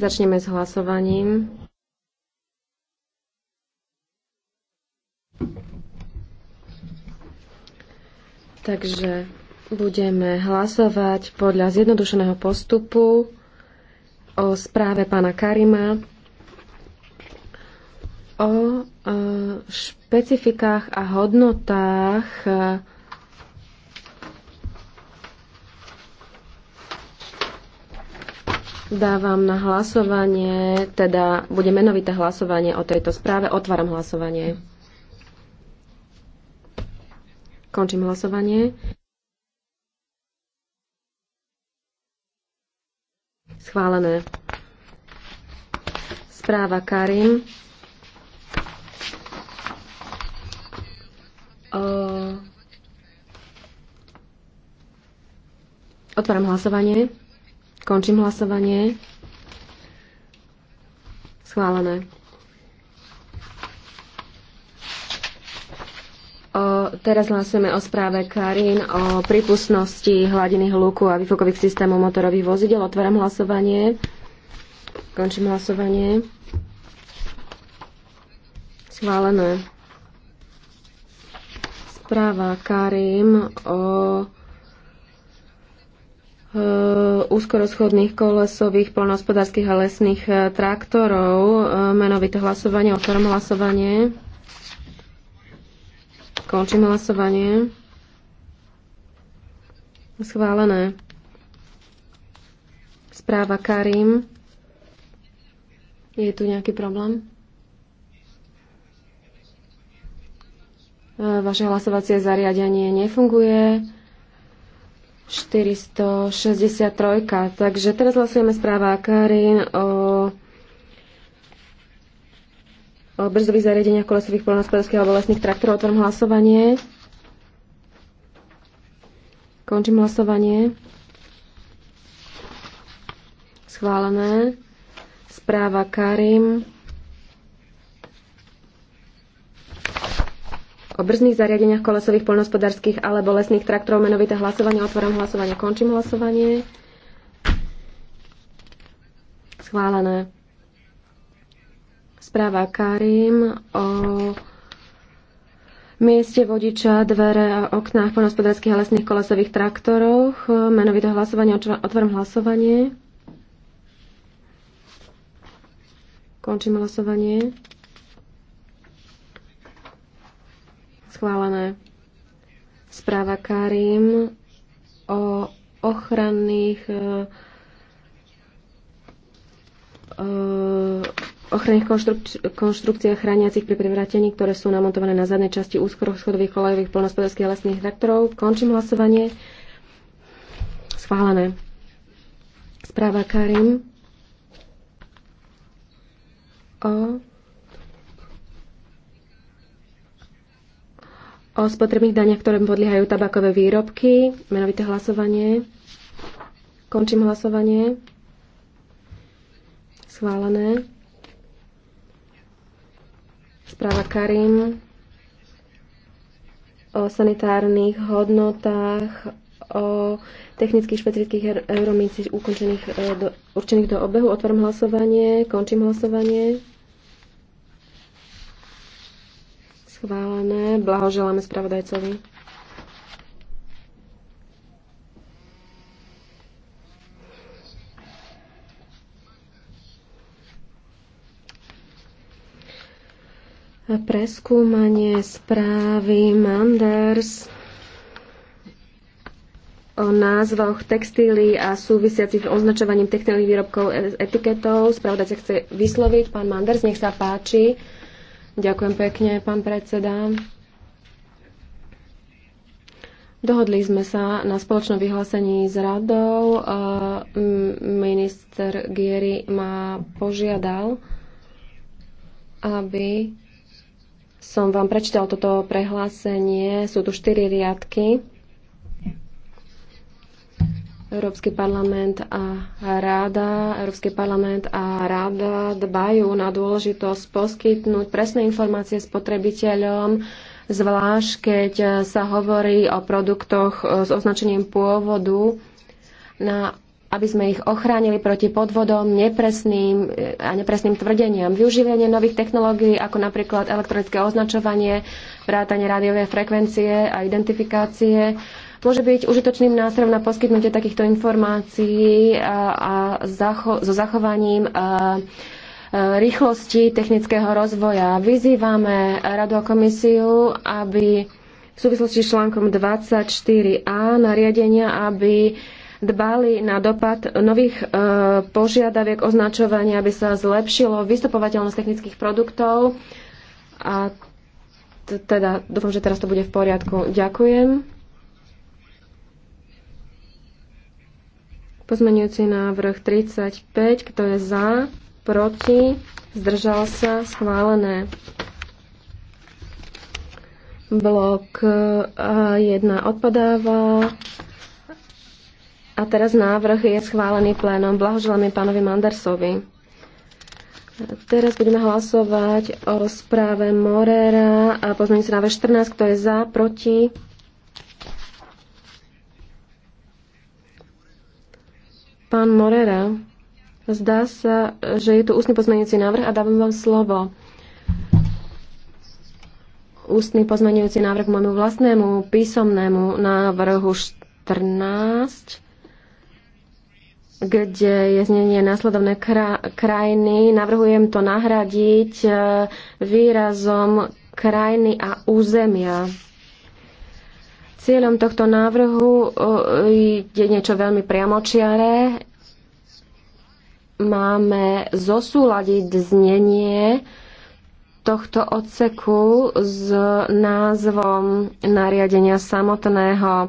Začneme s hlasovaním. Takže budeme hlasovať podľa zjednodušeného postupu o správe pána Karima o e, špecifikách a hodnotách e, Dávam na hlasovanie, teda bude menovité hlasovanie o tejto správe. Otváram hlasovanie. Končím hlasovanie. Schválené. Správa Karim. Otváram hlasovanie. Končím hlasovanie. Schválené. O, teraz hlasujeme o správe Karin o prípustnosti hladiny hluku a výfokových systémov motorových vozidel. Otváram hlasovanie. Končím hlasovanie. Schválené. Správa Karim o Uh, úzkorozchodných kolesových polnohospodárských a lesných uh, traktorov. Uh, menovité hlasovanie, otvorím hlasovanie. Končím hlasovanie. Schválené. Správa Karim. Je tu nejaký problém? Vaše hlasovacie zariadenie nefunguje. 463. Takže teraz hlasujeme správa Karin o, o brzdových zariadeniach kolesových polnospodárských alebo lesných traktorov. Otvorím hlasovanie. Končím hlasovanie. Schválené. Správa Karim. o brzdných zariadeniach kolesových poľnohospodárskych alebo lesných traktorov menovité hlasovanie. Otváram hlasovanie, končím hlasovanie. Schválené. Správa Karim o mieste vodiča, dvere a oknách poľnohospodárských a lesných kolesových traktoroch. Menovité hlasovanie, otváram hlasovanie. Končím hlasovanie. Schválené. Správa Karim o ochranných e, e, ochranných konštrukci- konštrukciách chrániacich pri prevratení, ktoré sú namontované na zadnej časti úzkoroch schodových kolejových polnospodárských lesných traktorov. Končím hlasovanie. Schválené. Správa Karim o o spotrebných daniach, ktoré podliehajú tabakové výrobky. Menovité hlasovanie. Končím hlasovanie. Schválené. Správa Karim o sanitárnych hodnotách, o technických špecifických er- euromincích ukončených e, do, určených do obehu. Otvorím hlasovanie, končím hlasovanie. Schválené. Blahoželáme spravodajcovi. Preskúmanie správy Manders o názvoch textíly a súvisiacich označovaním textilných výrobkov e- etiketou. Spravodajca chce vysloviť. Pán Manders, nech sa páči. Ďakujem pekne, pán predseda. Dohodli sme sa na spoločnom vyhlásení s radou. E, minister Gieri ma požiadal, aby som vám prečítal toto prehlásenie. Sú tu štyri riadky. Európsky parlament a ráda, Európsky parlament a ráda dbajú na dôležitosť poskytnúť presné informácie spotrebiteľom, zvlášť keď sa hovorí o produktoch e, s označením pôvodu, na, aby sme ich ochránili proti podvodom, nepresným e, a nepresným tvrdeniam. Využívanie nových technológií, ako napríklad elektronické označovanie, vrátanie rádiovej frekvencie a identifikácie, môže byť užitočným nástrojom na poskytnutie takýchto informácií a, eh, a zacho- so zachovaním a, eh, eh, rýchlosti technického rozvoja. Vyzývame Radu a komisiu, aby v súvislosti s článkom 24a nariadenia, aby dbali na dopad nových e, požiadaviek označovania, aby sa zlepšilo vystupovateľnosť technických produktov. A teda dúfam, že teraz to bude v poriadku. Ďakujem. Pozmenujúci návrh 35, kto je za, proti, zdržal sa, schválené. Blok 1 e, odpadáva. A teraz návrh je schválený plénom. Blahoželáme pánovi Mandersovi. Teraz budeme hlasovať o správe Morera a pozmeňujúci návrh 14, kto je za, proti, Pán Morera, zdá sa, že je tu ústny pozmeňujúci návrh a dávam vám slovo. Ústny pozmeňujúci návrh k môjmu vlastnému písomnému návrhu 14 kde je znenie následovné krajiny. Navrhujem to nahradiť eh, výrazom krajiny a územia. Cieľom tohto návrhu je niečo veľmi priamočiaré. Máme zosúľadiť znenie tohto odseku s názvom nariadenia samotného.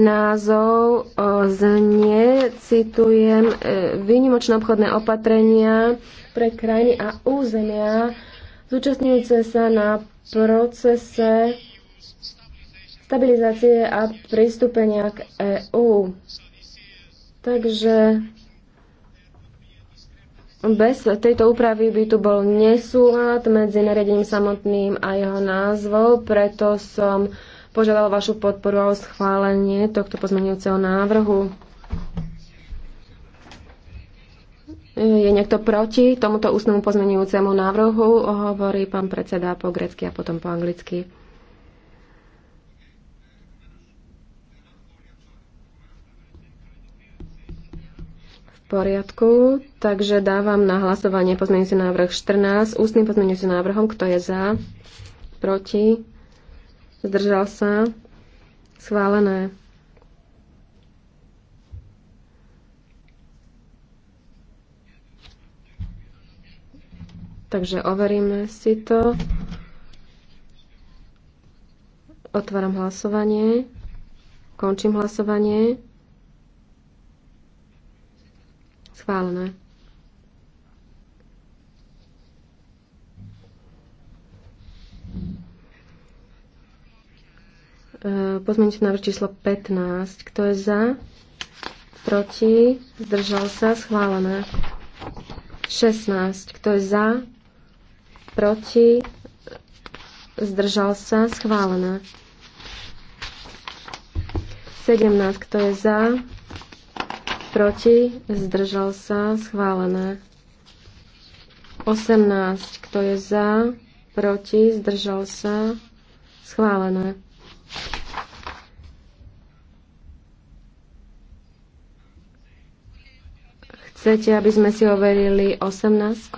Názov znie, citujem, e, výnimočné obchodné opatrenia pre krajiny a územia zúčastňujúce sa na procese stabilizácie a pristúpenia k EÚ. Takže bez tejto úpravy by tu bol nesúlad medzi nariadením samotným a jeho názvou, preto som požiadal vašu podporu o schválenie tohto pozmeňujúceho návrhu. Je niekto proti tomuto ústnemu pozmenujúcemu návrhu? Hovorí pán predseda po grecky a potom po anglicky. poriadku, takže dávam na hlasovanie pozmeňujúci návrh 14 ústnym pozmeňujúcim návrhom. Kto je za? Proti? Zdržal sa? Schválené. Takže overíme si to. Otváram hlasovanie. Končím hlasovanie. Schválené. E, Pozmeňte návrh číslo 15. Kto je za? Proti? Zdržal sa? Schválené. 16. Kto je za? Proti? Zdržal sa? Schválené. 17. Kto je za? Proti? Zdržal sa? Schválené. 18. Kto je za? Proti? Zdržal sa? Schválené. Chcete, aby sme si overili 18?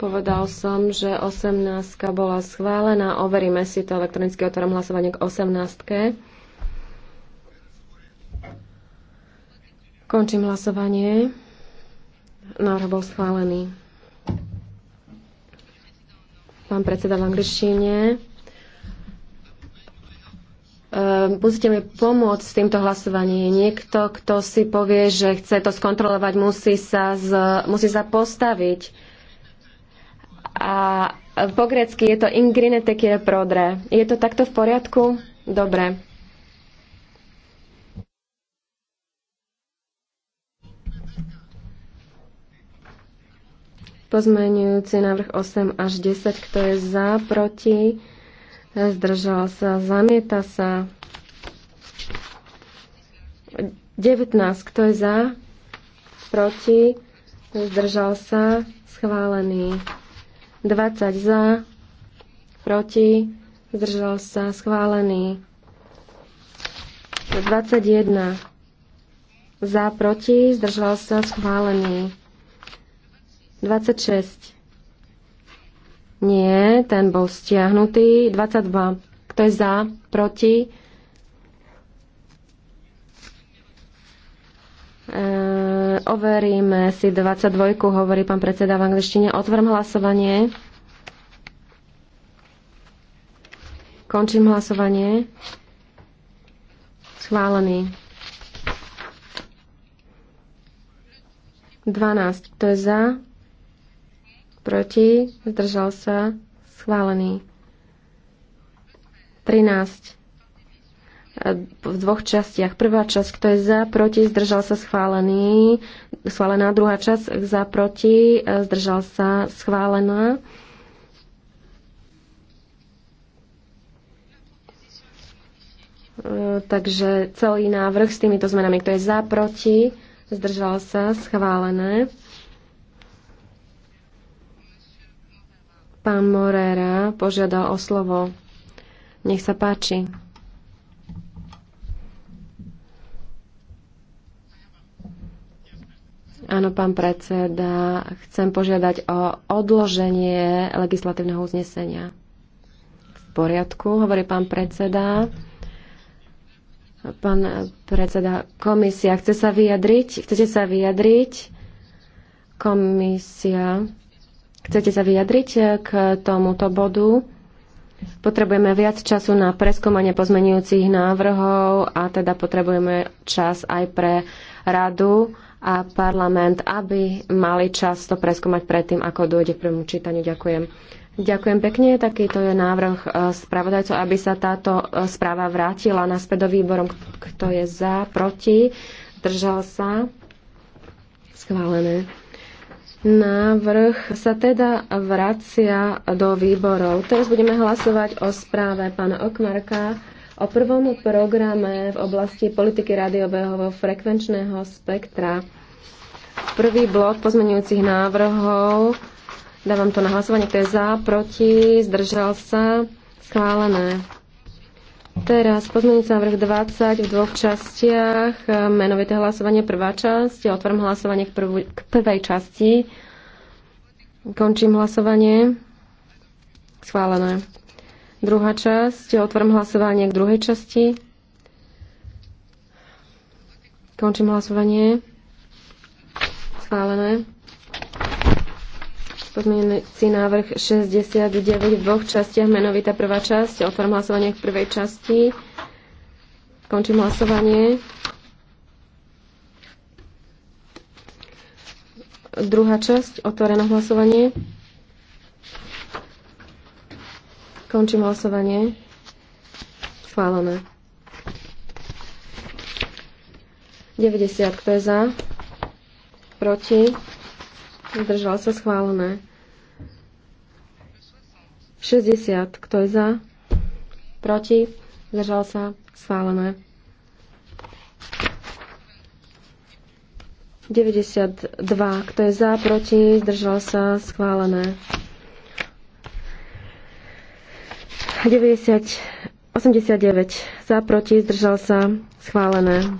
Povedal som, že 18 bola schválená. Overíme si to elektronicky otvorom hlasovanie k 18. Končím hlasovanie. Návrh bol schválený. Pán predseda v angličtine. Ehm, musíte mi pomôcť s týmto hlasovaním. Niekto, kto si povie, že chce to skontrolovať, musí sa, z, musí sa postaviť. A po grecky je to ingrinete prodre. Je to takto v poriadku? Dobre. Pozmeňujúci návrh 8 až 10, kto je za, proti, zdržal sa, zamieta sa. 19, kto je za, proti, zdržal sa, schválený. 20 za, proti, zdržal sa, schválený. 21 za, proti, zdržal sa, schválený. 26. Nie, ten bol stiahnutý. 22. Kto je za? Proti? Uh, overíme si 22, hovorí pán predseda v angličtine. Otvorím hlasovanie. Končím hlasovanie. Schválený. 12. Kto je za? proti, zdržal sa, schválený. 13. V dvoch častiach. Prvá časť, kto je za, proti, zdržal sa, schválený. Schválená druhá časť, za, proti, zdržal sa, schválená. E, takže celý návrh s týmito zmenami, kto je za, proti, zdržal sa, schválené. Pán Morera požiadal o slovo. Nech sa páči. Áno, pán predseda, chcem požiadať o odloženie legislatívneho uznesenia. V poriadku, hovorí pán predseda. Pán predseda, komisia, chce sa vyjadriť? Chcete sa vyjadriť? Komisia. Chcete sa vyjadriť eh, k tomuto bodu? Potrebujeme viac času na preskúmanie pozmenujúcich návrhov a teda potrebujeme čas aj pre radu a parlament, aby mali čas to preskúmať predtým, ako dôjde k prvému čítaniu. Ďakujem. Ďakujem pekne. Takýto je návrh eh, spravodajcov, aby sa táto eh, správa vrátila naspäť do výborom. Kto je za, proti, držal sa. Schválené. Návrh sa teda vracia do výborov. Teraz budeme hlasovať o správe pána Okmarka o prvom programe v oblasti politiky rádiového frekvenčného spektra. Prvý blok pozmenujúcich návrhov. Dávam to na hlasovanie, kto je za, proti, zdržal sa. Schválené. Teraz pozmeňujúci návrh 20 v dvoch častiach. Menovité hlasovanie, prvá časť. Otvorím hlasovanie k, prvú, k prvej časti. Končím hlasovanie. Schválené. Druhá časť. Otvorím hlasovanie k druhej časti. Končím hlasovanie. Schválené. Pozmienujúci návrh 69 v dvoch častiach, menovita prvá časť. Otvorím hlasovanie k prvej časti. Končím hlasovanie. Druhá časť, otvorené hlasovanie. Končím hlasovanie. Schválené. 90, kto je za? Proti? zdržal sa schválené. 60, kto je za, proti, zdržal sa schválené. 92, kto je za, proti, zdržal sa schválené. 90, 89, za, proti, zdržal sa schválené.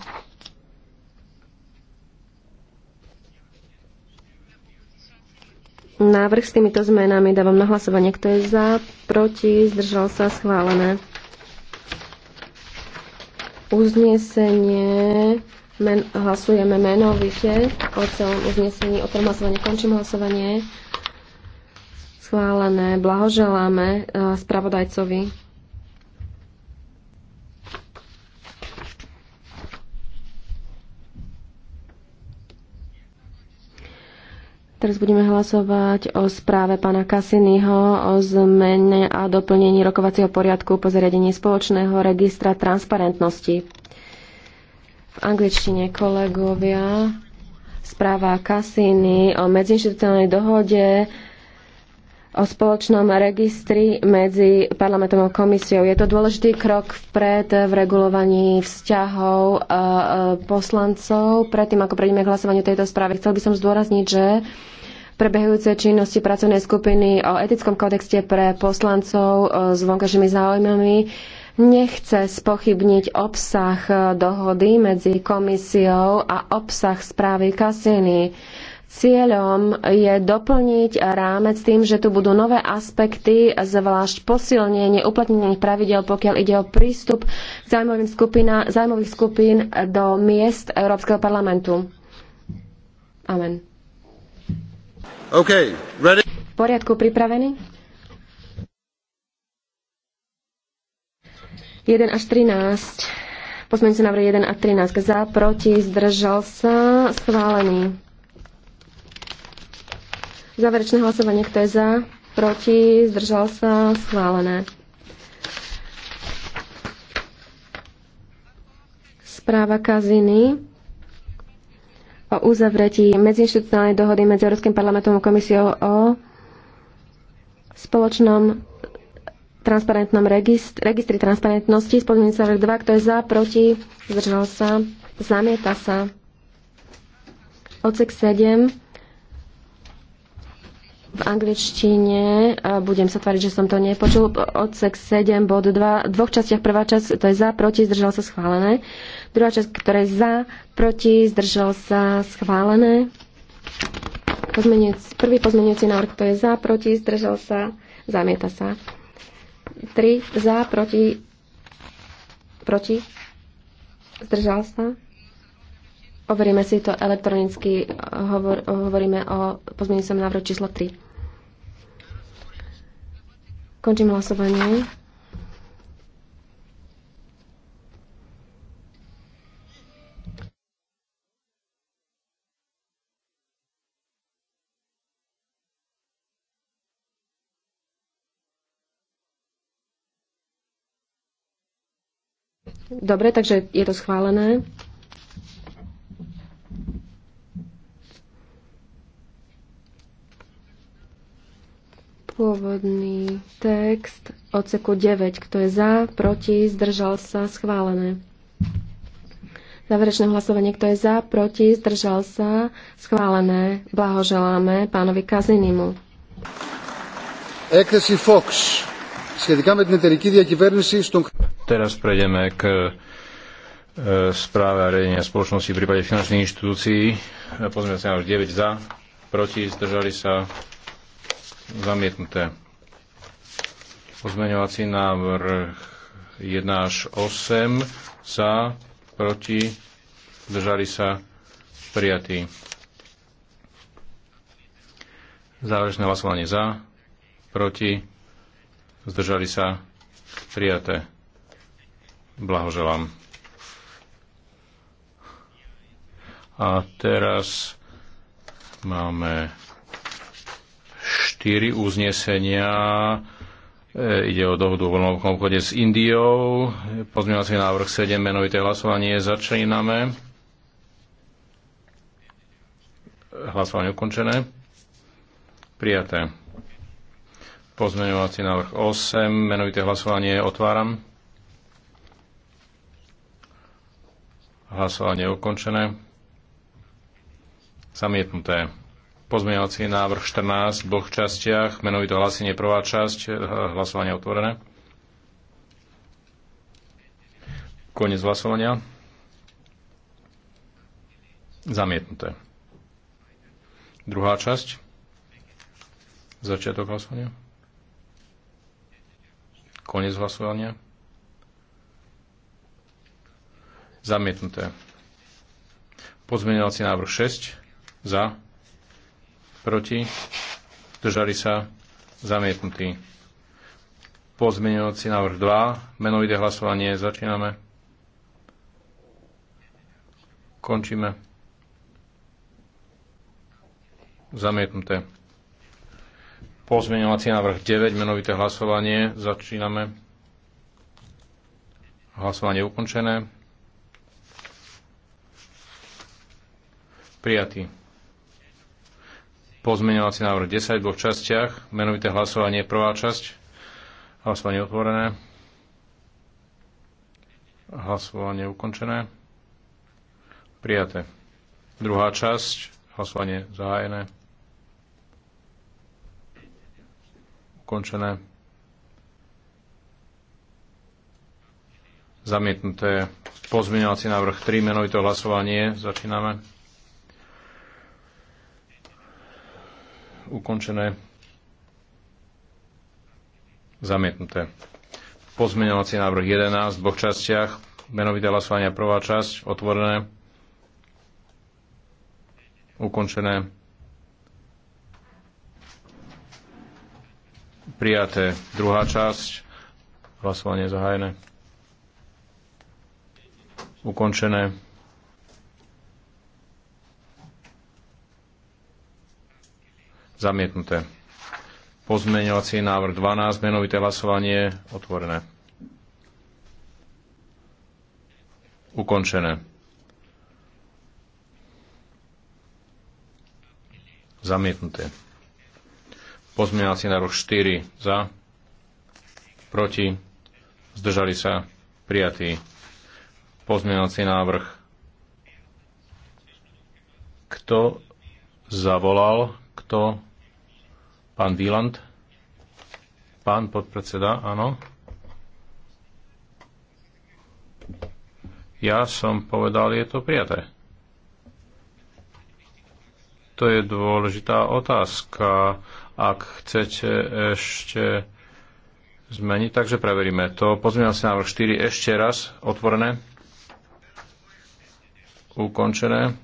Návrh s týmito zmenami dávam na hlasovanie. Kto je za, proti, zdržal sa, schválené. Uznesenie. Men, hlasujeme menovite o celom uznesení, o tom hlasovanie Končím hlasovanie. Schválené. Blahoželáme eh, spravodajcovi. Teraz budeme hlasovať o správe pána Kasinyho o zmene a doplnení rokovacieho poriadku po zariadení spoločného registra transparentnosti. V angličtine kolegovia správa Kasiny o medziinstitucionálnej dohode o spoločnom registri medzi parlamentom a komisiou. Je to dôležitý krok vpred v regulovaní vzťahov e, e, poslancov. Predtým, ako prejdeme k hlasovaniu tejto správy, chcel by som zdôrazniť, že prebehujúce činnosti pracovnej skupiny o etickom kodexte pre poslancov e, s vonkajšími záujmami nechce spochybniť obsah dohody medzi komisiou a obsah správy Kasiny Cieľom je doplniť rámec tým, že tu budú nové aspekty, zvlášť posilnenie uplatnených pravidel, pokiaľ ide o prístup k zájmovým skupina, zájmových skupín do miest Európskeho parlamentu. Amen. Okay, ready? V poriadku pripravený? 1 až 13. Pozmeňte sa návrh 1 a 13. Za, proti, zdržal sa, schválený. Záverečné hlasovanie, kto je za, proti, zdržal sa, schválené. Správa Kaziny o uzavretí medziinstitucionálnej dohody medzi Európskym parlamentom a komisiou o spoločnom transparentnom registri, registri transparentnosti, spolupnica dva. kto je za, proti, zdržal sa, zamieta sa. Odsek 7 v angličtine, budem sa tváriť, že som to nepočul, odsek 7, bod 2, v dvoch častiach, prvá časť, to je za, proti, zdržal sa schválené, druhá časť, ktorá je za, proti, zdržal sa schválené, Pozmeniec, prvý pozmeniaci návrh, to je za, proti, zdržal sa, zamieta sa. 3 za, proti, proti, zdržal sa. Overíme si to elektronicky, hovor, hovoríme o pozmeniacom návrhu číslo 3. Končím hlasovanie. Dobre, takže je to schválené. Pôvodný text odseku 9. Kto je za, proti, zdržal sa, schválené. Záverečné hlasovanie, kto je za, proti, zdržal sa, schválené. Blahoželáme pánovi Kazinimu. Έκθεση Fox σχετικά με την εταιρική διακυβέρνηση στον... Teraz prejdeme k správe a riadenia spoločnosti v prípade finančných inštitúcií. Pozrieme sa na 9 za, proti, zdržali sa, Zamietnuté. Pozmeňovací návrh 1 až 8 za, proti, zdržali sa, prijatí. Záležné hlasovanie za, proti, zdržali sa, prijaté. Blahoželám. A teraz máme 4 uznesenia. E, ide o dohodu o voľnom obchode s Indiou. Pozmeňovací návrh 7, menovité hlasovanie. Začíname. Hlasovanie ukončené. Prijaté. Pozmeňovací návrh 8, menovité hlasovanie. Otváram. Hlasovanie ukončené. Zamietnuté. Pozmeňovací návrh 14 v dvoch častiach, menovito hlasenie prvá časť, eh, hlasovanie otvorené. Konec hlasovania. Zamietnuté. Druhá časť. Začiatok hlasovania. Konec hlasovania. Zamietnuté. Pozmeňovací návrh 6. Za proti, držali sa, zamietnutí. Pozmeňovací návrh 2, menovité hlasovanie, začíname. Končíme. Zamietnuté. Pozmeňovací návrh 9, menovité hlasovanie, začíname. Hlasovanie ukončené. Prijatý Pozmeňovací návrh 10 v dvoch častiach. Menovité hlasovanie, prvá časť. Hlasovanie otvorené. Hlasovanie ukončené. Prijaté. Druhá časť. Hlasovanie zahájené. Ukončené. Zamietnuté pozmeňovací návrh 3, menovito hlasovanie. Začíname. ukončené. Zamietnuté. Pozmeňovací návrh 11 v dvoch častiach. Menovité hlasovania prvá časť. Otvorené. Ukončené. Prijaté. Druhá časť. Hlasovanie zahájené. Ukončené. Zamietnuté. Pozmeňovací návrh 12, menovité hlasovanie, otvorené. Ukončené. Zamietnuté. Pozmeňovací návrh 4 za, proti, zdržali sa, prijatí. Pozmeňovací návrh. Kto zavolal kto? Pán Výland? Pán podpredseda, áno. Ja som povedal, je to prijaté. To je dôležitá otázka. Ak chcete ešte zmeniť, takže preveríme to. Pozmeňovací návrh 4 ešte raz otvorené. Ukončené.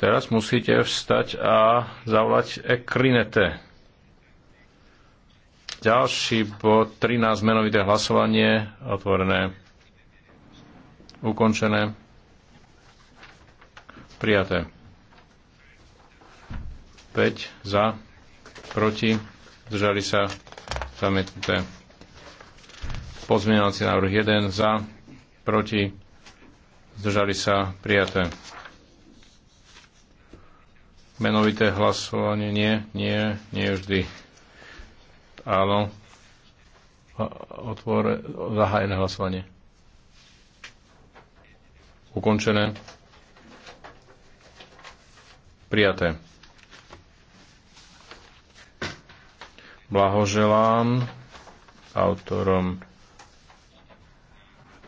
Teraz musíte vstať a zavolať Ekrinete. Ďalší bod 13 menovité hlasovanie otvorené, ukončené, prijaté. 5 za, proti, zdržali sa, zamietnuté. Pozmienovací návrh 1 za, proti, zdržali sa, prijaté. Menovité hlasovanie nie, nie, nie vždy. Áno. Otvore, zahájené hlasovanie. Ukončené. Prijaté. Blahoželám autorom.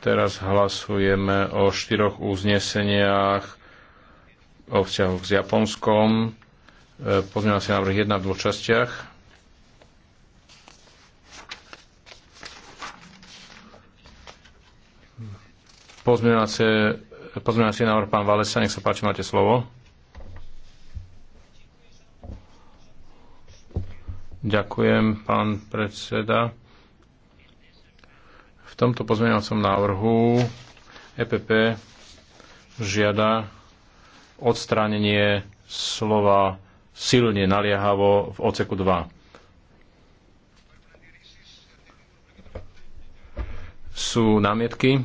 Teraz hlasujeme o štyroch uzneseniach o vzťahoch s Japonskom. E, pozmeňovací návrh 1 v dvoch častiach. si návrh pán Valesa, nech sa páči, máte slovo. Ďakujem, pán predseda. V tomto pozmeňovacom návrhu EPP žiada odstránenie slova silne naliehavo v oceku 2. Sú námietky?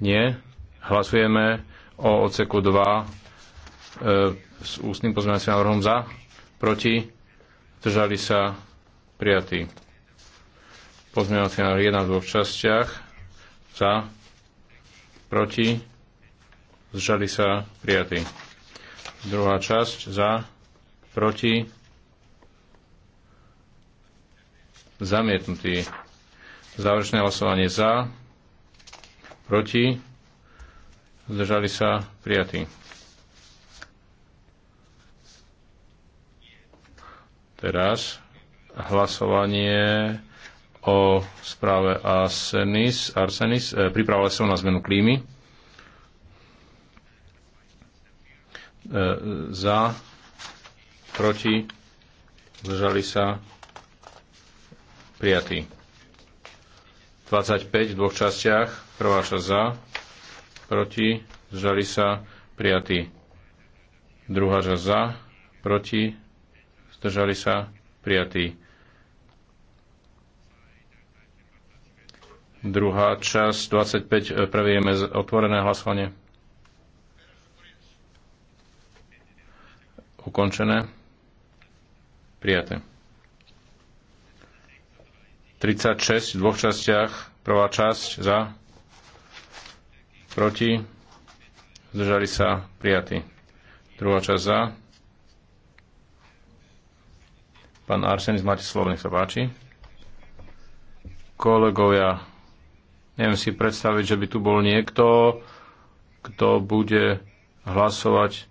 Nie. Hlasujeme o oceku 2 e, s ústnym pozmeňovacím návrhom za, proti, držali sa prijatí. Pozmeňovací návrh 1 v dvoch častiach za, proti, zdržali sa, prijatí. Druhá časť za, proti, zamietnutý. Záverečné hlasovanie za, proti, zdržali sa, prijatí. Teraz hlasovanie o správe Arsenis, Arsenis e, pripravila som na zmenu klímy. E, za, proti, zdržali sa, prijatí. 25 v dvoch častiach, prvá časť za, proti, zdržali sa, prijatí. Druhá časť za, proti, zdržali sa, prijatí. Druhá časť, 25, e, previeme otvorené hlasovanie. Ukončené. Prijaté. 36 v dvoch častiach. Prvá časť za, proti, zdržali sa, prijatí. Druhá časť za. Pán Arsenis, máte slovo, nech sa páči. Kolegovia, Neviem si predstaviť, že by tu bol niekto, kto bude hlasovať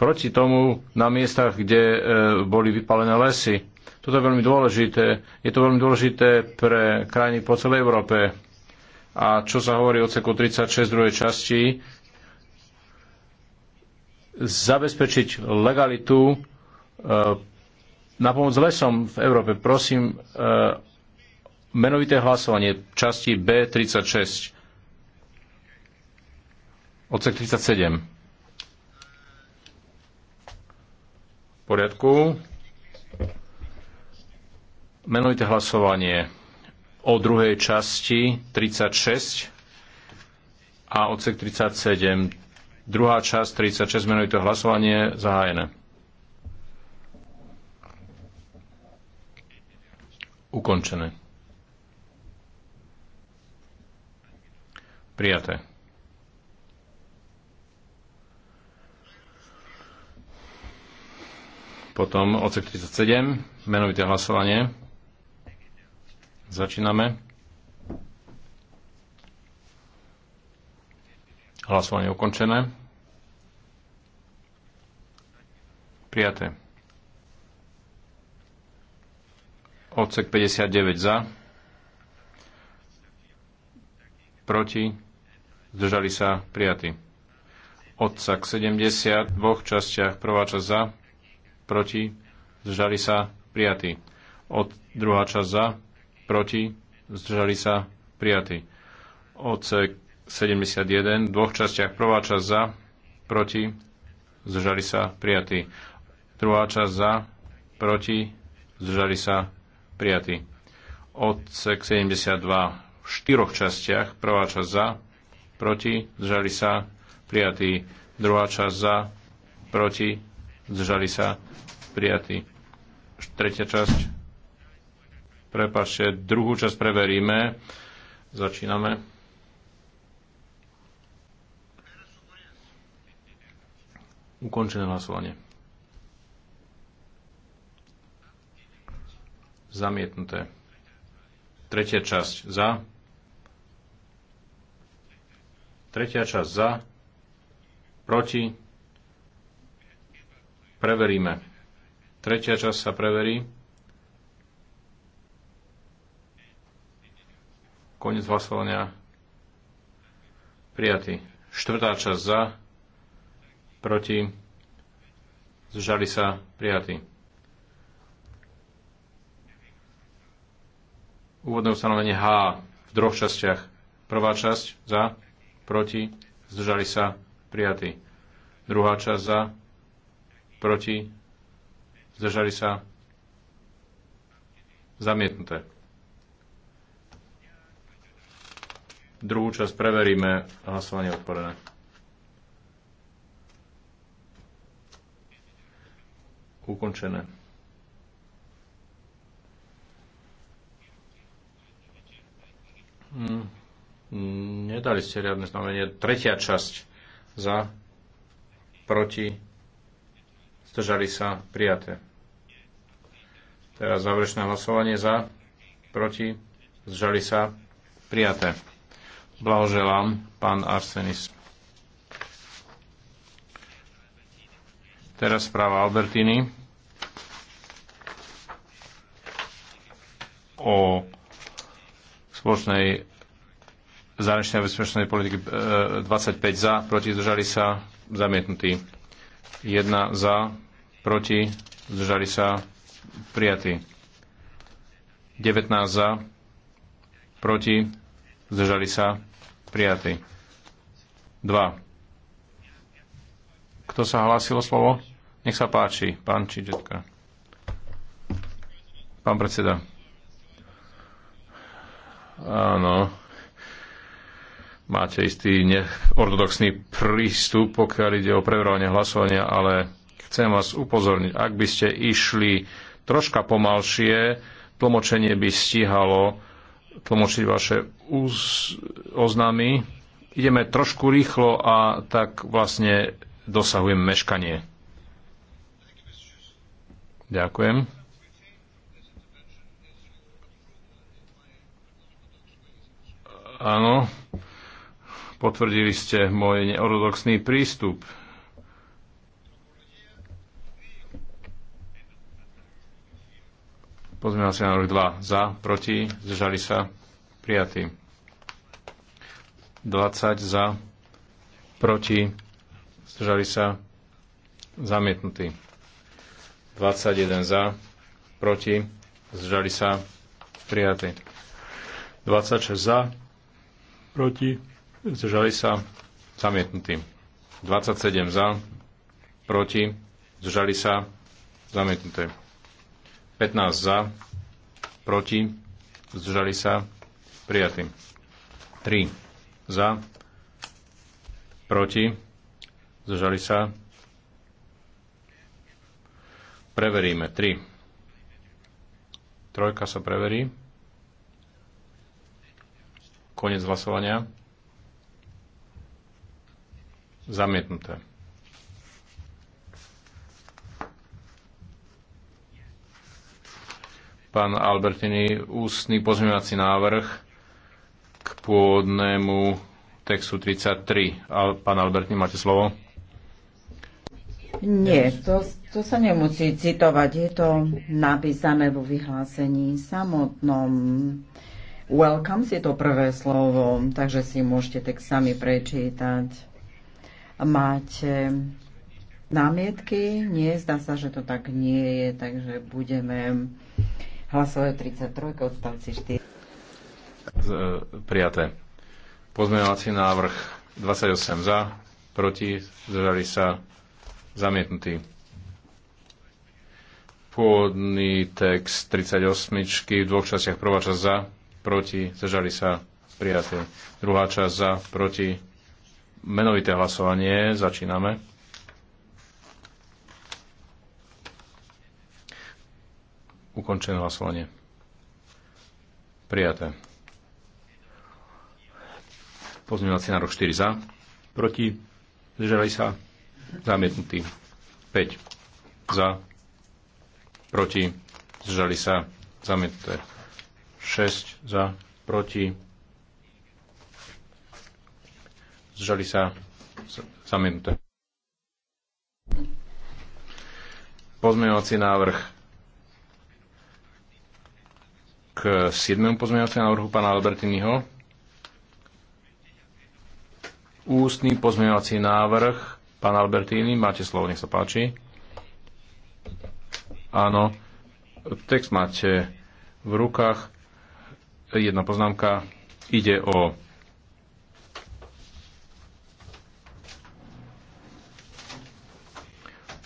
proti tomu na miestach, kde e, boli vypalené lesy. Toto je veľmi dôležité. Je to veľmi dôležité pre krajiny po celej Európe. A čo sa hovorí o ceku 36 druhej časti, zabezpečiť legalitu e, na pomoc lesom v Európe. Prosím, e, menovité hlasovanie časti B36 odsek 37. V poriadku. Menovité hlasovanie o druhej časti 36 a odsek 37. Druhá časť 36 menovité hlasovanie zahájené. Ukončené. Prijaté. Potom odsek 37, menovité hlasovanie. Začíname. Hlasovanie ukončené. Prijaté. Odsek 59 za. Proti zdržali sa prijatí. Odsak 70 v dvoch častiach. Prvá časť za, proti, zdržali sa prijatí. Od druhá časť za, proti, zdržali sa prijatí. Odsek 71 v dvoch častiach. Prvá časť za, proti, zdržali sa prijatí. Druhá časť za, proti, zdržali sa prijatí. Odsek 72 v štyroch častiach. Prvá časť za, proti, zdržali sa, prijatý. Druhá časť za, proti, zdržali sa, prijatý. Tretia časť, prepašte, druhú časť preveríme. Začíname. Ukončené hlasovanie. Zamietnuté. Tretia časť za. Tretia časť za, proti, preveríme. Tretia časť sa preverí. Konec hlasovania. Prijatý. Štvrtá časť za, proti, zžali sa, prijatý. Úvodné ustanovenie H v troch častiach. Prvá časť za, proti, zdržali sa, prijatí. Druhá časť za, proti, zdržali sa, zamietnuté. Druhú časť preveríme, hlasovanie otvorené. Ukončené. Nedali ste riadne znamenie. Tretia časť za, proti, zdržali sa, prijaté. Teraz záverečné hlasovanie za, proti, zdržali sa, prijaté. Blahoželám, pán Arsenis. Teraz správa Albertiny o spoločnej zahraničnej a bezpečnej politiky 25 e, za, proti zdržali sa, zamietnutý. 1 za, proti zdržali sa, prijatý. 19 za, proti zdržali sa, prijatý. 2. Kto sa hlásil o slovo? Nech sa páči, pán Čidžetka. Pán predseda. Áno máte istý neortodoxný prístup, pokiaľ ide o preverovanie hlasovania, ale chcem vás upozorniť, ak by ste išli troška pomalšie, tlmočenie by stíhalo tlmočiť vaše oznámy. Ideme trošku rýchlo a tak vlastne dosahujeme meškanie. Ďakujem. Áno, Potvrdili ste môj neorodoxný prístup. na návrh 2. Za, proti, zdržali sa, prijatý. 20 za, proti, zdržali sa, zamietnutý. 21 za, proti, zdržali sa, prijatý. 26 za, proti, zdržali sa, zamietnutí. 27 za, proti, zdržali sa, zamietnuté. 15 za, proti, zdržali sa, prijatí. 3 za, proti, zdržali sa. Preveríme. 3. Trojka sa preverí. Konec hlasovania. Zamietnuté. Pán Albertini, ústny pozmeňovací návrh k pôvodnému textu 33. Pán Albertini, máte slovo? Nie, to, to sa nemusí citovať. Je to napísané vo vyhlásení samotnom. Welcome je to prvé slovo, takže si môžete tak sami prečítať. Máte námietky? Nie, zdá sa, že to tak nie je, takže budeme hlasovať 33 odstavci 4. E, prijaté. Pozmeňovací návrh 28 za, proti, zdržali sa, zamietnutý. Pôvodný text 38 v dvoch častiach. Prvá časť za, proti, zdržali sa, prijaté. Druhá časť za, proti, menovité hlasovanie. Začíname. Ukončené hlasovanie. Prijaté. Pozmeňovací nárok 4 za. Proti. Zdržali sa. Zamietnutý. 5 za. Proti. Zdržali sa. Zamietnuté. 6 za. Proti zdržali sa zamietnuté. Pozmeňovací návrh k 7. pozmeňovacímu návrhu pána Albertiniho. Ústny pozmeňovací návrh pán Albertini, máte slovo, nech sa páči. Áno, text máte v rukách. Jedna poznámka. Ide o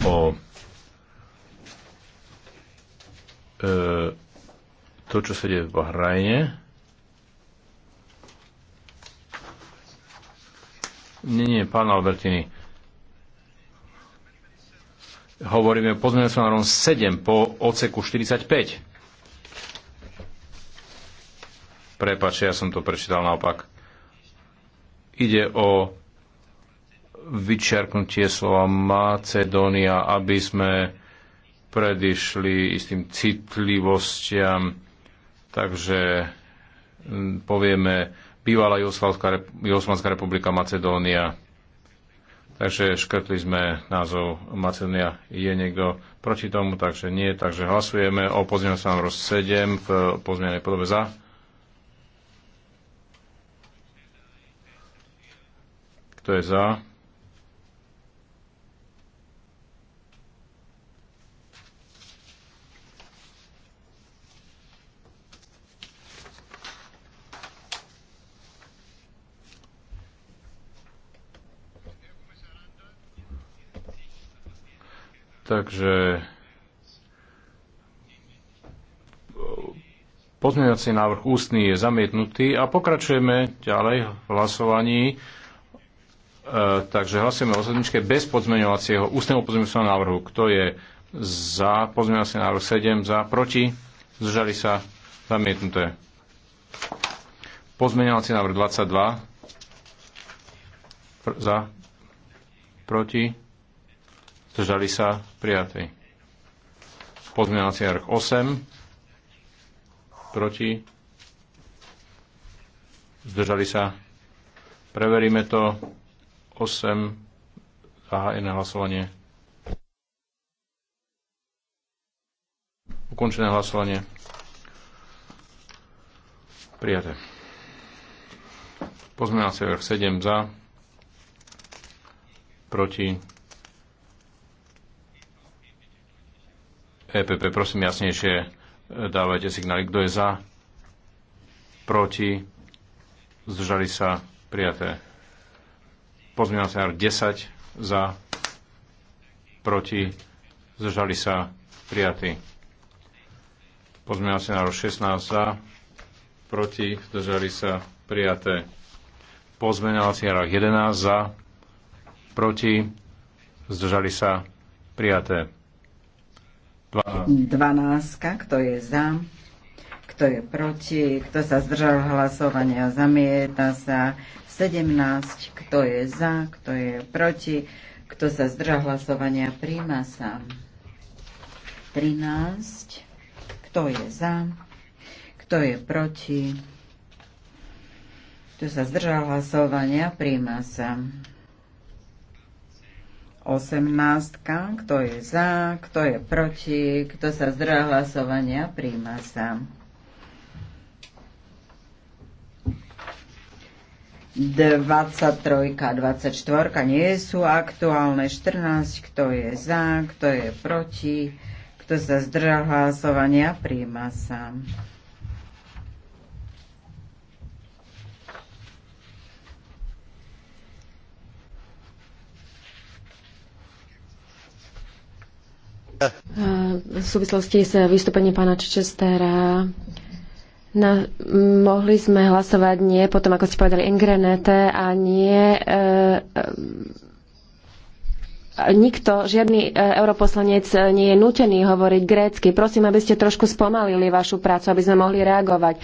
o e, to, čo sa deje v Bahrajne, Nie, nie, pán Albertini. Hovoríme o pozmeňovacom návrhu 7 po oceku 45. Prepačte, ja som to prečítal naopak. Ide o vyčiarknutie slova Macedónia, aby sme predišli istým citlivostiam. Takže povieme bývalá Jugoslavská republika Macedónia. Takže škrtli sme názov Macedónia. Je niekto proti tomu? Takže nie. Takže hlasujeme o pozmeňovacom návrhu 7 v pozmenenej podobe za. Kto je za? Takže pozmeňovací návrh ústny je zamietnutý a pokračujeme ďalej v hlasovaní. E, takže hlasujeme o sedmičke bez pozmeňovacieho, ústneho pozmeňovacieho návrhu. Kto je za pozmeňovací návrh 7, za, proti, zdržali sa, zamietnuté. Pozmeňovací návrh 22, pr- za, proti, Zdržali sa? prijatí. Pozmeňovací návrh 8. Proti? Zdržali sa? Preveríme to. 8. Zahájené hlasovanie. Ukončené hlasovanie. Prijaté. Pozmeňovací návrh 7 za, proti EPP, prosím jasnejšie e, dávajte signály, kto je za, proti, zdržali sa, prijaté. Pozmeňovací sa 10 za, proti, zdržali sa, prijatí. Pozmeňovací návrh 16 za, proti, zdržali sa, prijaté. Pozmeňovací návrh 11 za, proti, zdržali sa, prijaté. Dvanáctka, kto je za, kto je proti, kto sa zdržal hlasovania, zamieta sa. 17, kto je za, kto je proti, kto sa zdržal hlasovania, príjma sa. 13, kto je za, kto je proti, kto sa zdržal hlasovania, príjma sa. 18. Kto je za, kto je proti, kto sa zdrá hlasovania, príjma sa. Dvadsaťtrojka, dvadsaťštvorka nie sú aktuálne. 14, kto je za, kto je proti, kto sa zdržal hlasovania, príjma sa. V súvislosti s vystúpením pána Čečestera na, mohli sme hlasovať nie, potom ako ste povedali, Ingrenete a nie e, e, nikto, žiadny e, europoslanec nie je nutený hovoriť grécky. Prosím, aby ste trošku spomalili vašu prácu, aby sme mohli reagovať.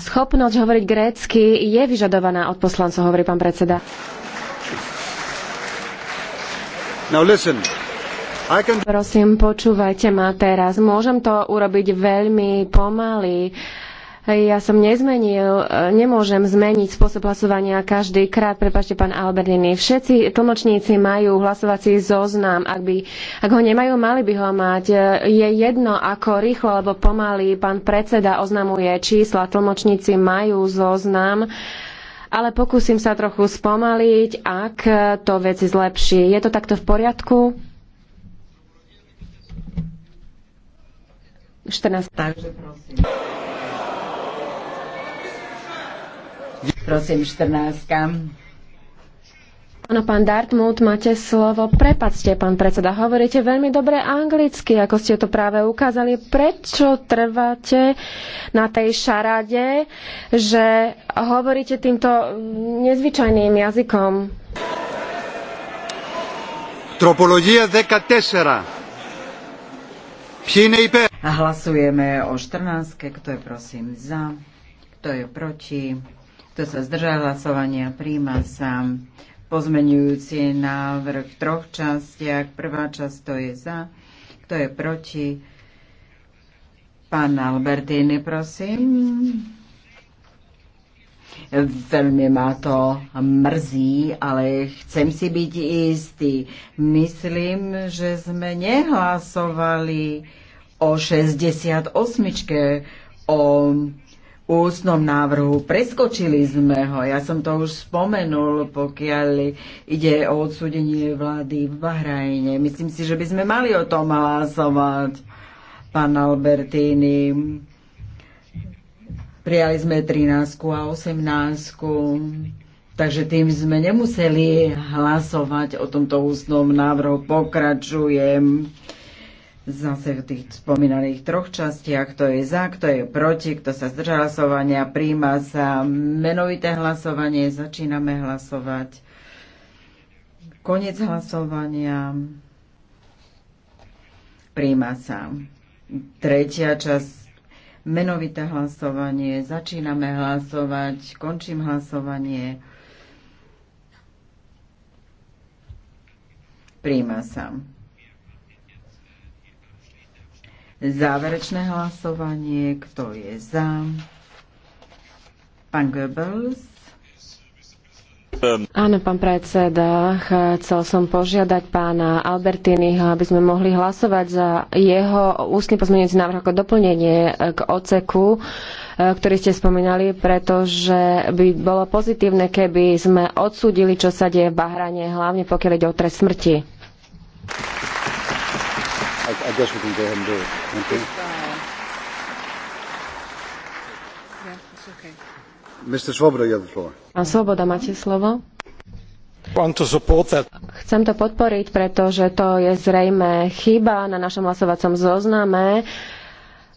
Schopnosť hovoriť grécky je vyžadovaná od poslancov, hovorí pán predseda. Now listen. Can... Prosím, počúvajte ma teraz. Môžem to urobiť veľmi pomaly. Ja som nezmenil, e, nemôžem zmeniť spôsob hlasovania každý krát. Prepačte, pán Albertini. Všetci tlmočníci majú hlasovací zoznam. Ak, by, ak ho nemajú, mali by ho mať. E, je jedno, ako rýchlo alebo pomaly pán predseda oznamuje čísla. Tlmočníci majú zoznam ale pokúsim sa trochu spomaliť, ak to veci zlepší. Je to takto v poriadku? 14. Takže prosím. Prosím, 14. Áno, pán Dartmut, máte slovo. Prepačte, pán predseda, hovoríte veľmi dobre anglicky, ako ste to práve ukázali. Prečo trváte na tej šarade, že hovoríte týmto nezvyčajným jazykom? Tropológia 14. Ποιοι είναι υπέρ. Hlasujeme o 14. Kto je prosím za? Kto je proti? Kto sa zdržal hlasovania? Príjma sa pozmenujúci návrh v troch častiach. Prvá časť to je za, kto je proti. Pán Albertini, prosím. Veľmi ma to mrzí, ale chcem si byť istý. Myslím, že sme nehlasovali o 68. o ústnom návrhu. Preskočili sme ho, ja som to už spomenul, pokiaľ ide o odsúdenie vlády v Bahrajne. Myslím si, že by sme mali o tom hlasovať, pán Albertini. Prijali sme 13 a 18. Takže tým sme nemuseli hlasovať o tomto ústnom návrhu. Pokračujem zase v tých spomínaných troch častiach, kto je za, kto je proti, kto sa zdrža hlasovania, príjma sa menovité hlasovanie, začíname hlasovať. Konec hlasovania. Príjma sa. Tretia časť. Menovité hlasovanie. Začíname hlasovať. Končím hlasovanie. Príjma sa. Záverečné hlasovanie, kto je za? Pán Goebbels. Áno, pán predseda, chcel som požiadať pána Albertiniho, aby sme mohli hlasovať za jeho ústny pozmeňujúci návrh ako doplnenie k oceku, eh, ktorý ste spomínali, pretože by bolo pozitívne, keby sme odsúdili, čo sa deje v Bahrane, hlavne pokiaľ ide o trest smrti. I, I guess we can go ahead and do it. Thank you. Yeah, okay. Mr. Svoboda, you have the floor. Pán Svoboda, máte slovo. Chcem to podporiť, pretože to je zrejme chyba na našom hlasovacom zozname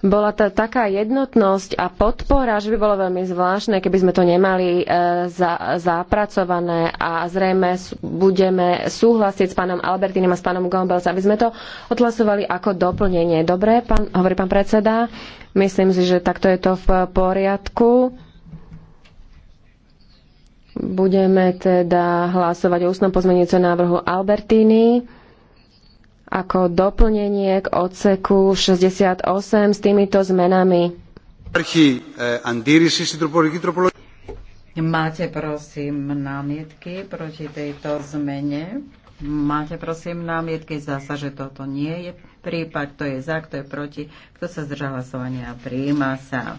bola to taká jednotnosť a podpora, že by bolo veľmi zvláštne, keby sme to nemali e, za, zapracované a zrejme budeme súhlasiť s pánom Albertínom a s pánom Gombels, aby sme to odhlasovali ako doplnenie. Dobre, pán, hovorí pán predseda, myslím si, že takto je to v poriadku. Budeme teda hlasovať o ústnom pozmenujúcom návrhu Albertiny ako doplnenie k odseku 68 s týmito zmenami. Eh, Máte prosím námietky proti tejto zmene? Máte prosím námietky? Zdá sa, že toto nie je prípad. Kto je za, kto je proti, kto sa zdržal hlasovania a prijíma sa.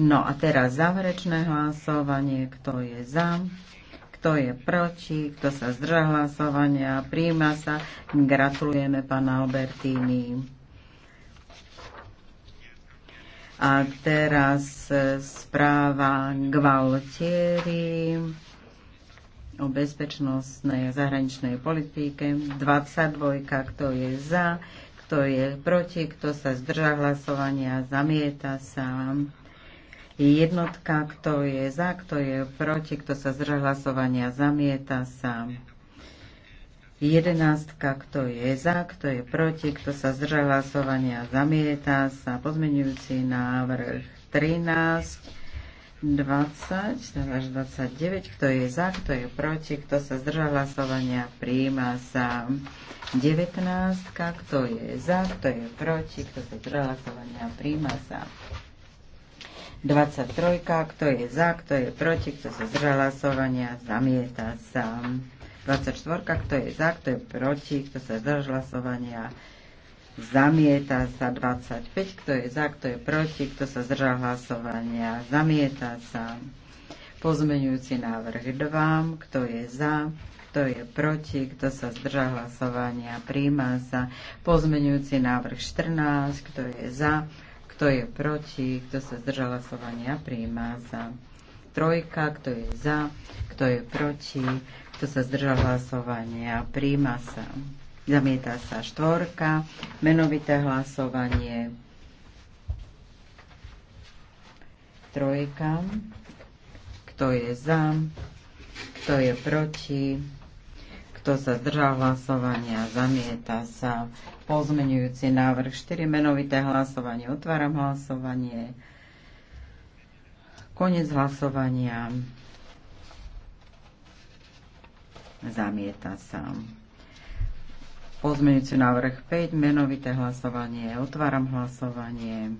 No a teraz záverečné hlasovanie. Kto je za? kto je proti, kto sa zdržal hlasovania, príjma sa. Gratulujeme pána Albertini. A teraz správa Gvaltieri o bezpečnostnej a zahraničnej politike. 22, kto je za, kto je proti, kto sa zdržal hlasovania, zamieta sa jednotka, kto je za, kto je proti, kto sa zdržal hlasovania, zamieta sa. Jedenáctka, kto je za, kto je proti, kto sa zdržal hlasovania, zamieta sa. Pozmenujúci návrh 13. 20 teda až 29, kto je za, kto je proti, kto sa zdržal hlasovania, príjma sa 19, kto je za, kto je proti, kto sa zdržal hlasovania, príjma sa 23. Kto je za, kto je proti, kto sa zdržal hlasovania, zamieta sa. 24. Kto je za, kto je proti, kto sa zdržal hlasovania, zamieta sa. 25. Kto je za, kto je proti, kto sa zdržal hlasovania, zamieta sa. Pozmeňujúci návrh 2. Kto je za, kto je proti, kto sa zdržal hlasovania, príjma sa. Pozmeňujúci návrh 14, kto je za, kto je proti? Kto sa zdržal hlasovania? Prijíma sa. Trojka. Kto je za? Kto je proti? Kto sa zdržal hlasovania? Prijíma sa. Zamieta sa štvorka. Menovité hlasovanie. Trojka. Kto je za? Kto je proti? Kto sa zdržal hlasovania, zamieta sa. Pozmenujúci návrh 4 menovité hlasovanie. Otváram hlasovanie. Konec hlasovania. Zamieta sa. pozmenujúci návrh 5, menovité hlasovanie. Otváram hlasovanie.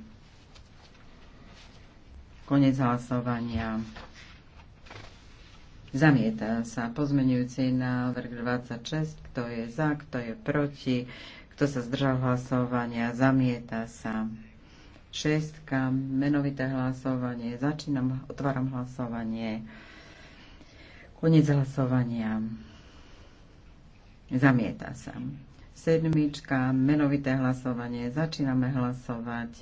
Konec hlasovania. Zamieta sa pozmenujúci návrh 26, kto je za, kto je proti, kto sa zdržal hlasovania, zamieta sa. Šestka, menovité hlasovanie, začínam, otváram hlasovanie, koniec hlasovania, zamieta sa. Sedmička, menovité hlasovanie, začíname hlasovať,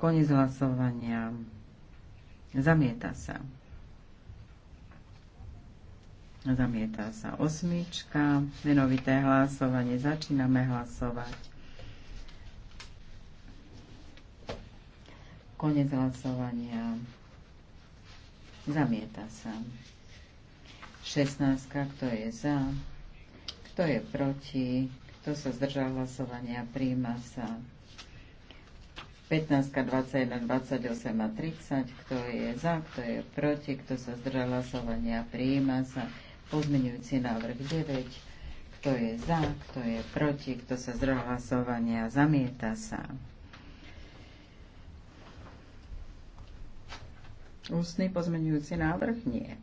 koniec hlasovania, zamieta sa. Zamieta sa osmička. Menovité hlasovanie. Začíname hlasovať. Konec hlasovania. Zamieta sa. 16. Kto je za? Kto je proti? Kto sa zdržal hlasovania? Príjma sa. 15, 21, 28 a 30. Kto je za? Kto je proti? Kto sa zdržal hlasovania? Príjma sa. Pozmeňujúci návrh 9. Kto je za, kto je proti, kto sa zdrhol hlasovania, zamieta sa. Ústny pozmeňujúci návrh nie.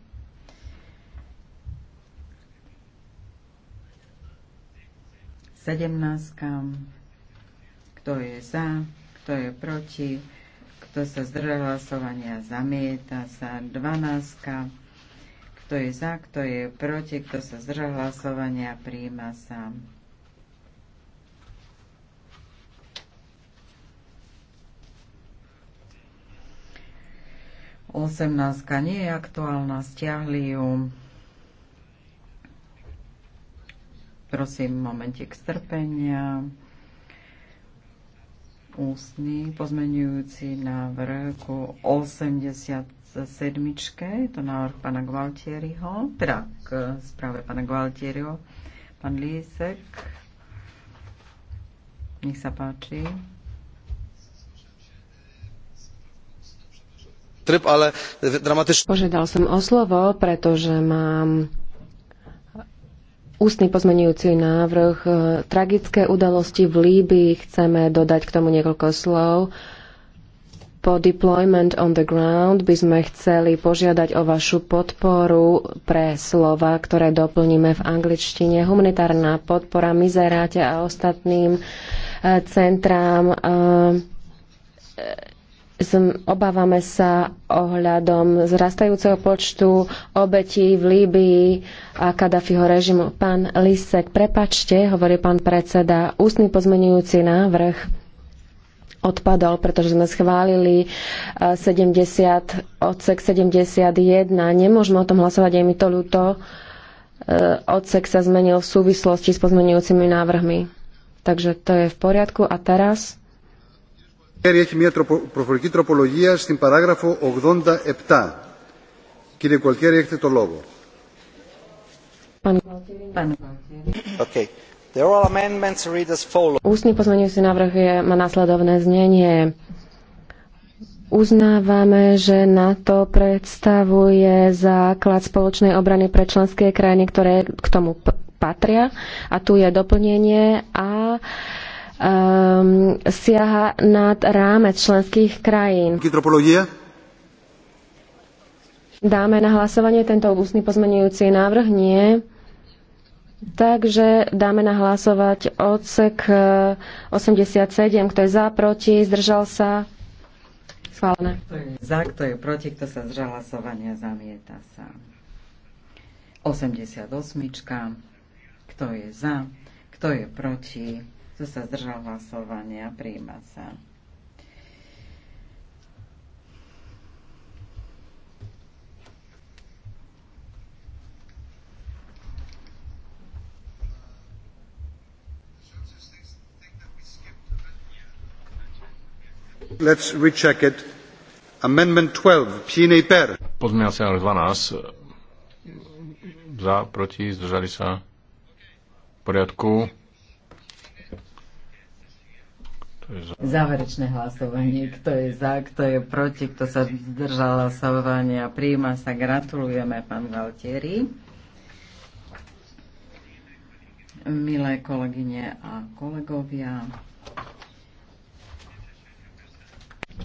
Sedemnáctka. Kto je za, kto je proti, kto sa zdržal hlasovania, zamieta sa. Dvanáctka kto je za, kto je proti, kto sa zdržal hlasovania, príjma sa. Osemnáctka nie je aktuálna, stiahli ju. Prosím, momentik strpenia ústny pozmenujúci návrh ku 87. Je to návrh pana Gualtieriho, teda k správe pána Gualtieriho. Pán Lísek, nech sa páči. Požiadal som o slovo, pretože mám ústny pozmenujúci návrh. E, tragické udalosti v Líbii chceme dodať k tomu niekoľko slov. Po deployment on the ground by sme chceli požiadať o vašu podporu pre slova, ktoré doplníme v angličtine. Humanitárna podpora mizeráte a ostatným e, centrám e, obávame sa ohľadom zrastajúceho počtu obetí v Líbii a Kadafiho režimu. Pán Lisek, prepačte, hovorí pán predseda, ústny pozmenujúci návrh odpadol, pretože sme schválili 70, eh, odsek 71. Nemôžeme o tom hlasovať, je mi to ľúto. Eh, odsek sa zmenil v súvislosti s pozmenujúcimi návrhmi. Takže to je v poriadku. A teraz Έχει μια προφορική τροπολογία στην παράγραφο 87. Κύριε έχετε το λόγο. Okay. Ústny pozmeňujúci návrh je, má následovné znenie. Uznávame, že NATO predstavuje základ spoločnej obrany pre členské krajiny, ktoré k tomu patria. A tu je doplnenie a um, siaha nad rámec členských krajín. Dáme na hlasovanie tento ústny pozmenujúci návrh? Nie. Takže dáme na hlasovať odsek 87. Eh, kto je za, proti, zdržal sa? Schválené. Za, kto je proti, kto sa zdržal hlasovania, zamieta sa. 88. Kto je za, kto je proti, kto sa zdržal hlasovania? Príjma sa. Let's recheck it. Amendment 12. per? Pozmeňovací návrh 12 za, proti, zdržali sa. V poriadku. Záverečné hlasovanie, kto je za, kto je proti, kto sa zdržal hlasovania, príjma sa, gratulujeme pán Valtieri. Milé kolegyne a kolegovia.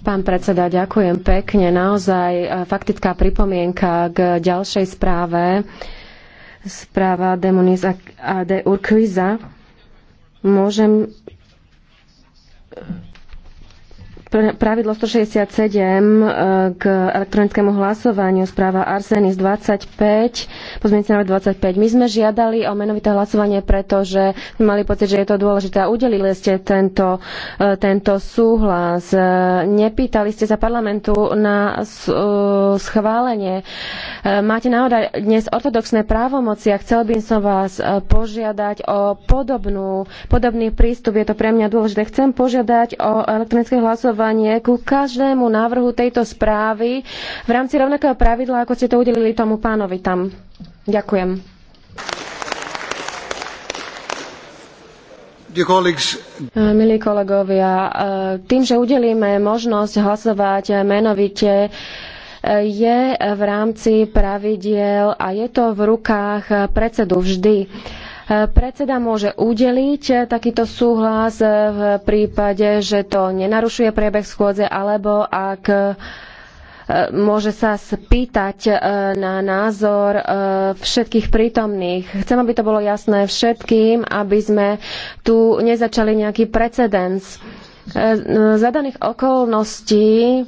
Pán predseda, ďakujem pekne. Naozaj e, faktická pripomienka k ďalšej správe. Správa Demonis a De Urquiza. Môžem Uh, Pravidlo 167 e, k elektronickému hlasovaniu správa Arsenis 25, pozmienci návrh 25. My sme žiadali o menovité hlasovanie, pretože sme mali pocit, že je to dôležité a udelili ste tento, e, tento súhlas. E, nepýtali ste sa parlamentu na schválenie. Máte naozaj dnes ortodoxné právomoci a chcel by som vás požiadať o podobnú, podobný prístup. Je to pre mňa dôležité. Chcem požiadať o elektronické hlasovanie hlasovanie ku každému návrhu tejto správy v rámci rovnakého pravidla, ako ste to udelili tomu pánovi tam. Ďakujem. Eh, milí kolegovia, eh, tým, že udelíme možnosť hlasovať menovite, eh, je v rámci pravidiel a je to v rukách predsedu vždy. Predseda môže udeliť eh, takýto súhlas eh, v prípade, že to nenarušuje priebeh schôdze, alebo ak eh, môže sa spýtať na názor všetkých prítomných. Chcem, aby to bolo jasné všetkým, aby sme tu nezačali nejaký precedens. Zadaných okolností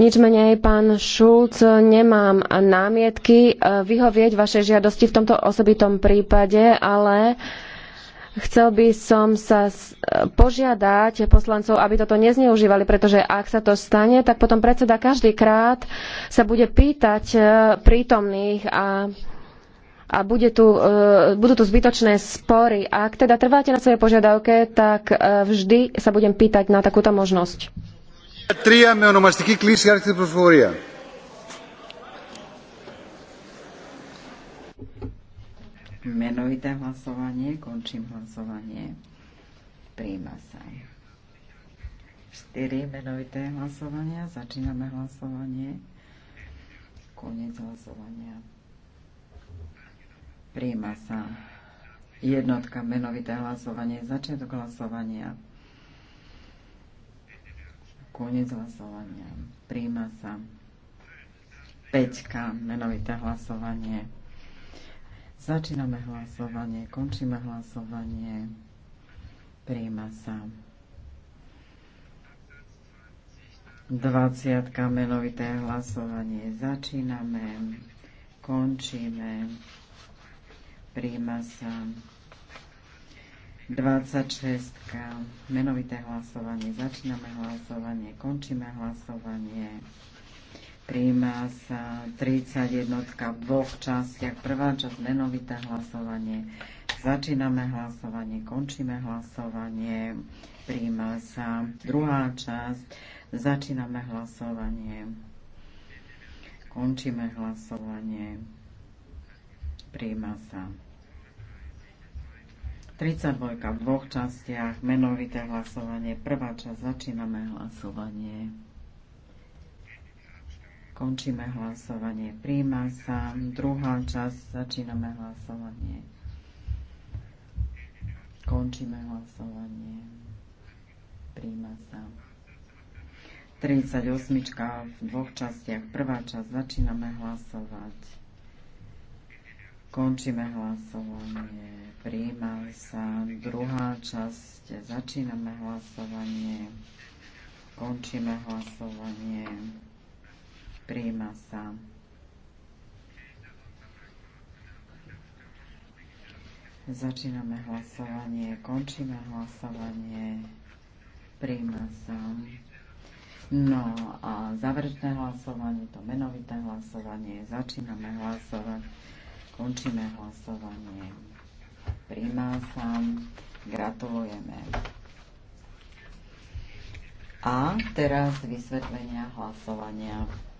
nič menej, pán Šulc, nemám námietky eh, vyhovieť vašej žiadosti v tomto osobitom prípade, ale chcel by som sa eh, požiadať poslancov, aby toto nezneužívali, pretože ak sa to stane, tak potom predseda každý krát sa bude pýtať eh, prítomných a a bude tu, budú tu zbytočné spory. Ak teda trváte na svojej požiadavke, tak vždy sa budem pýtať na takúto možnosť. 3 με ονομαστική κλίση Menovité hlasovanie, končím hlasovanie. Príjma sa. 4 menovité hlasovania, začíname hlasovanie. Koniec hlasovania. Príjma sa. Jednotka menovité hlasovanie, začiatok hlasovania. Koniec hlasovania. Príjma sa. Peťka, menovité hlasovanie. Začíname hlasovanie, končíme hlasovanie. Príjma sa. 20. menovité hlasovanie. Začíname, končíme. Príjma sa. 26. Menovité hlasovanie. Začíname hlasovanie, končíme hlasovanie. Príjma sa 31 v dvoch častiach. Prvá časť menovité hlasovanie. Začíname hlasovanie, končíme hlasovanie. Príjma sa druhá časť. Začíname hlasovanie. Končíme hlasovanie. Príjma sa. 32 v dvoch častiach, menovité hlasovanie. Prvá časť, začíname hlasovanie. Končíme hlasovanie. Príjma sa. Druhá časť, začíname hlasovanie. Končíme hlasovanie. Príjma sa. 38 v dvoch častiach. Prvá časť, začíname hlasovať. Končíme hlasovanie. Príjma sa druhá časť. Začíname hlasovanie. Končíme hlasovanie. Príjma sa. Začíname hlasovanie, končíme hlasovanie, príjma sa. No a záverečné hlasovanie, to menovité hlasovanie, začíname hlasovať. Končíme hlasovanie. Príjmá sa. Gratulujeme. A teraz vysvetlenia hlasovania.